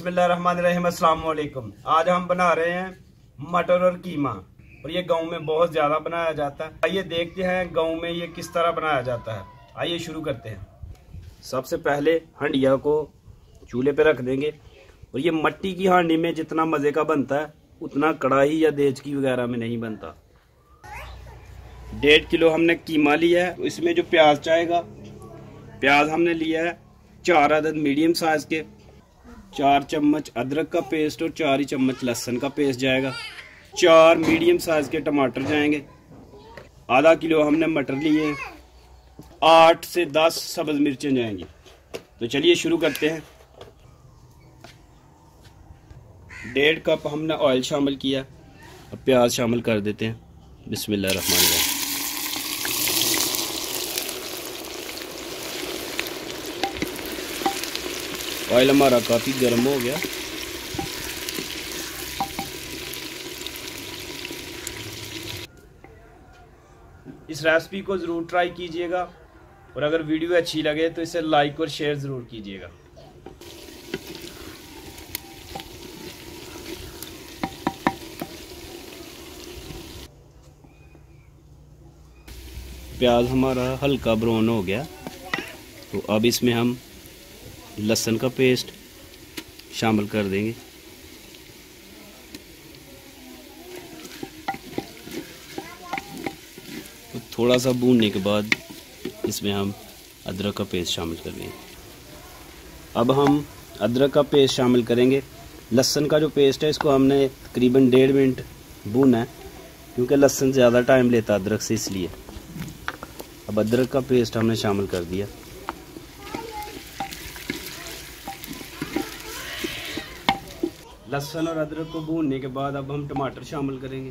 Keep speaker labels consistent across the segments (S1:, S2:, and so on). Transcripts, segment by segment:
S1: بسم اللہ الرحمن الرحیم السلام علیکم آج ہم بنا رہے ہیں مٹر اور قیمہ اور یہ گاؤں میں بہت زیادہ بنایا جاتا ہے آئیے دیکھتے ہیں گاؤں میں یہ کس طرح بنایا جاتا ہے آئیے شروع کرتے ہیں سب سے پہلے ہنڈیا کو چولہے پہ رکھ دیں گے اور یہ مٹی کی ہانڈی میں جتنا مزے کا بنتا ہے اتنا کڑاہی یا دیج کی وغیرہ میں نہیں بنتا ڈیڑھ کلو ہم نے قیمہ لیا ہے اس میں جو پیاز چاہے گا پیاز ہم نے لیا ہے چار عدد میڈیم سائز کے چار چمچ ادرک کا پیسٹ اور چار ہی چمچ لہسن کا پیسٹ جائے گا چار میڈیم سائز کے ٹماٹر جائیں گے آدھا کلو ہم نے مٹر لیے آٹھ سے دس سبز مرچیں جائیں گی تو چلیے شروع کرتے ہیں ڈیڑھ کپ ہم نے آئل شامل کیا اب پیاز شامل کر دیتے ہیں بسم اللہ الرحمن الرحیم آئل ہمارا کافی گرم ہو گیا اس ریسپی کو ضرور ٹرائی کیجئے گا اور اگر ویڈیو اچھی لگے تو اسے لائک اور شیئر ضرور کیجئے گا پیاز ہمارا ہلکا برون ہو گیا تو اب اس میں ہم لہسن کا پیسٹ شامل کر دیں گے تھوڑا سا بوننے کے بعد اس میں ہم ادرک کا پیسٹ شامل کر دیں گے اب ہم ادرک کا پیسٹ شامل کریں گے لہسن کا جو پیسٹ ہے اس کو ہم نے تقریباً ڈیڑھ منٹ بھونا ہے کیونکہ لہسن زیادہ ٹائم لیتا ادرک سے اس لیے اب ادرک کا پیسٹ ہم نے شامل کر دیا لہسن اور ادرک کو بھوننے کے بعد اب ہم ٹماٹر شامل کریں گے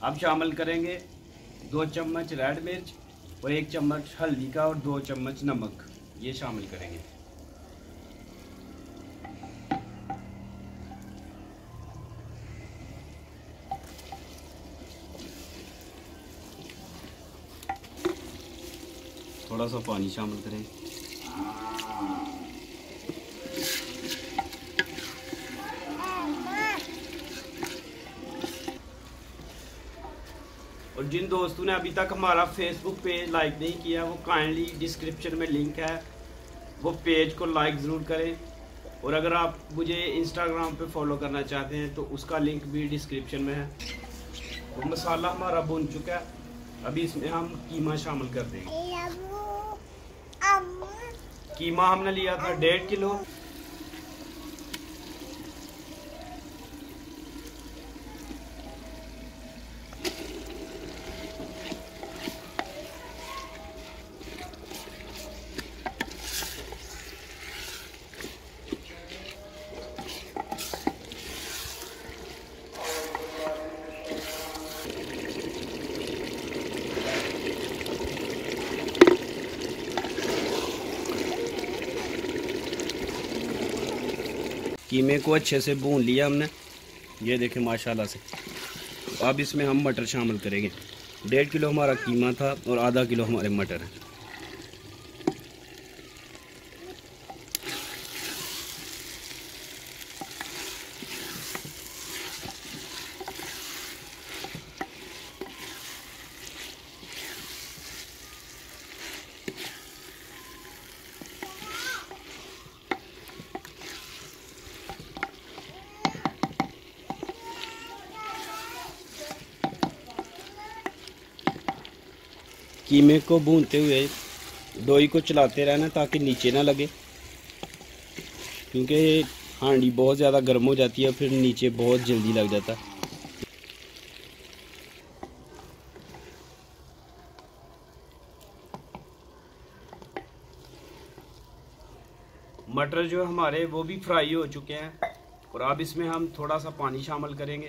S1: اب شامل کریں گے دو چمچ ریڈ مرچ اور ایک چمچ ہلدی کا اور دو چمچ نمک یہ شامل کریں گے تھوڑا سا پانی شامل کریں اور جن دوستوں نے ابھی تک ہمارا فیس بک پیج لائک نہیں کیا وہ کائنڈلی ڈسکرپشن میں لنک ہے وہ پیج کو لائک ضرور کریں اور اگر آپ مجھے انسٹاگرام پہ فالو کرنا چاہتے ہیں تو اس کا لنک بھی ڈسکرپشن میں ہے مسالہ ہمارا بن چکا ہے ابھی اس میں ہم قیمہ شامل کر دیں گے کیما ہم نے لیا تھا ڈیڑھ کلو قیمے کو اچھے سے بھون لیا ہم نے یہ دیکھیں ماشاءاللہ سے اب اس میں ہم مٹر شامل کریں گے ڈیڑھ کلو ہمارا قیمہ تھا اور آدھا کلو ہمارے مٹر ہیں قیمے کو بھونتے ہوئے دوئی کو چلاتے رہنا تاکہ نیچے نہ لگے کیونکہ ہانڈی بہت زیادہ گرم ہو جاتی ہے پھر نیچے بہت جلدی لگ جاتا ہے مٹر جو ہمارے وہ بھی فرائی ہو چکے ہیں اور اب اس میں ہم تھوڑا سا پانی شامل کریں گے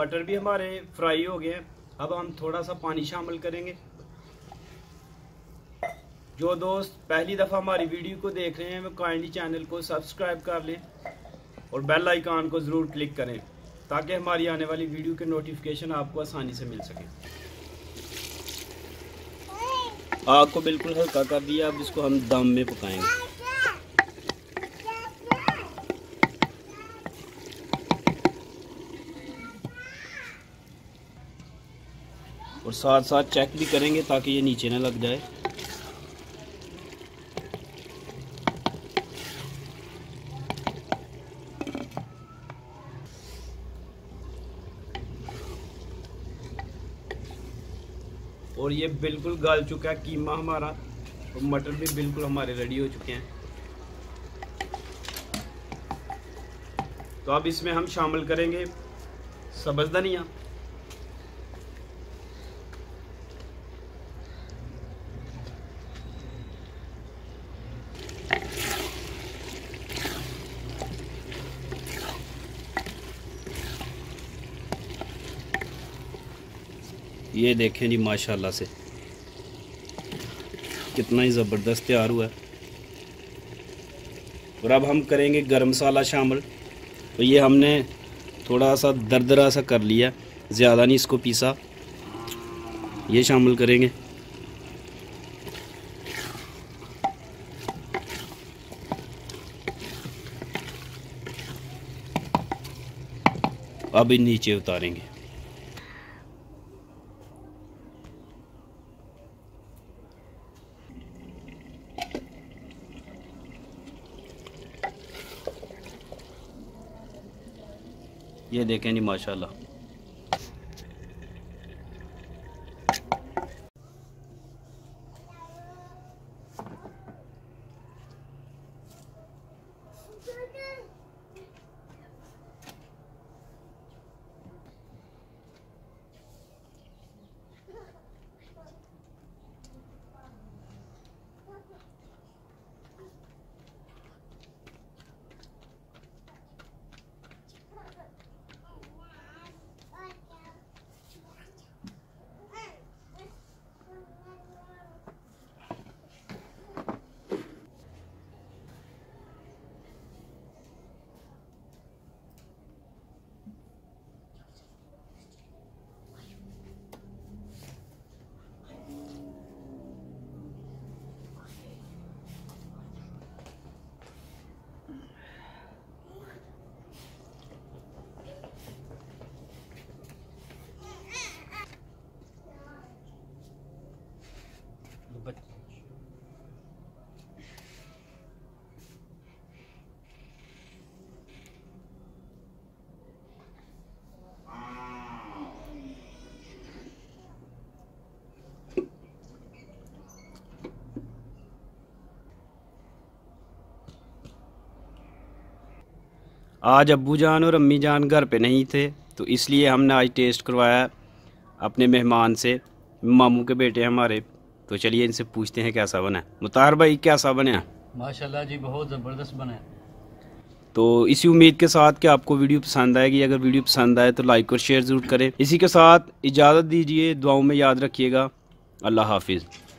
S1: مٹر بھی ہمارے فرائی ہو گئے ہیں اب ہم تھوڑا سا پانی شامل کریں گے جو دوست پہلی دفعہ ہماری ویڈیو کو دیکھ رہے ہیں وہ کائنڈی چینل کو سبسکرائب کر لیں اور بیل آئیکن کو ضرور کلک کریں تاکہ ہماری آنے والی ویڈیو کے نوٹیفیکیشن آپ کو آسانی سے مل سکے آگ کو بالکل ہلکا کر دیا اب اس کو ہم دم میں پکائیں گے اور ساتھ ساتھ چیک بھی کریں گے تاکہ یہ نیچے نہ لگ جائے اور یہ بالکل گال چکا ہے قیمہ ہمارا اور مٹر بھی بالکل ہمارے ریڈی ہو چکے ہیں تو اب اس میں ہم شامل کریں گے سبز دھنیا یہ دیکھیں جی ماشاءاللہ سے کتنا ہی زبردست تیار ہوا ہے اور اب ہم کریں گے گرم مسالہ شامل تو یہ ہم نے تھوڑا سا دردرا سا کر لیا زیادہ نہیں اس کو پیسا یہ شامل کریں گے اب نیچے اتاریں گے یہ دیکھیں جی ماشاءاللہ آج ابو جان اور امی جان گھر پہ نہیں تھے تو اس لیے ہم نے آج ٹیسٹ کروایا اپنے مہمان سے ماموں کے بیٹے ہمارے تو چلیے ان سے پوچھتے ہیں کیسا بنا ہے مطار بھائی کیسا بنے ماشاء اللہ جی بہت زبردست ہے تو اسی امید کے ساتھ کہ آپ کو ویڈیو پسند آئے گی اگر ویڈیو پسند آئے تو لائک اور شیئر ضرور کریں اسی کے ساتھ اجازت دیجیے دعاؤں میں یاد رکھیے گا اللہ حافظ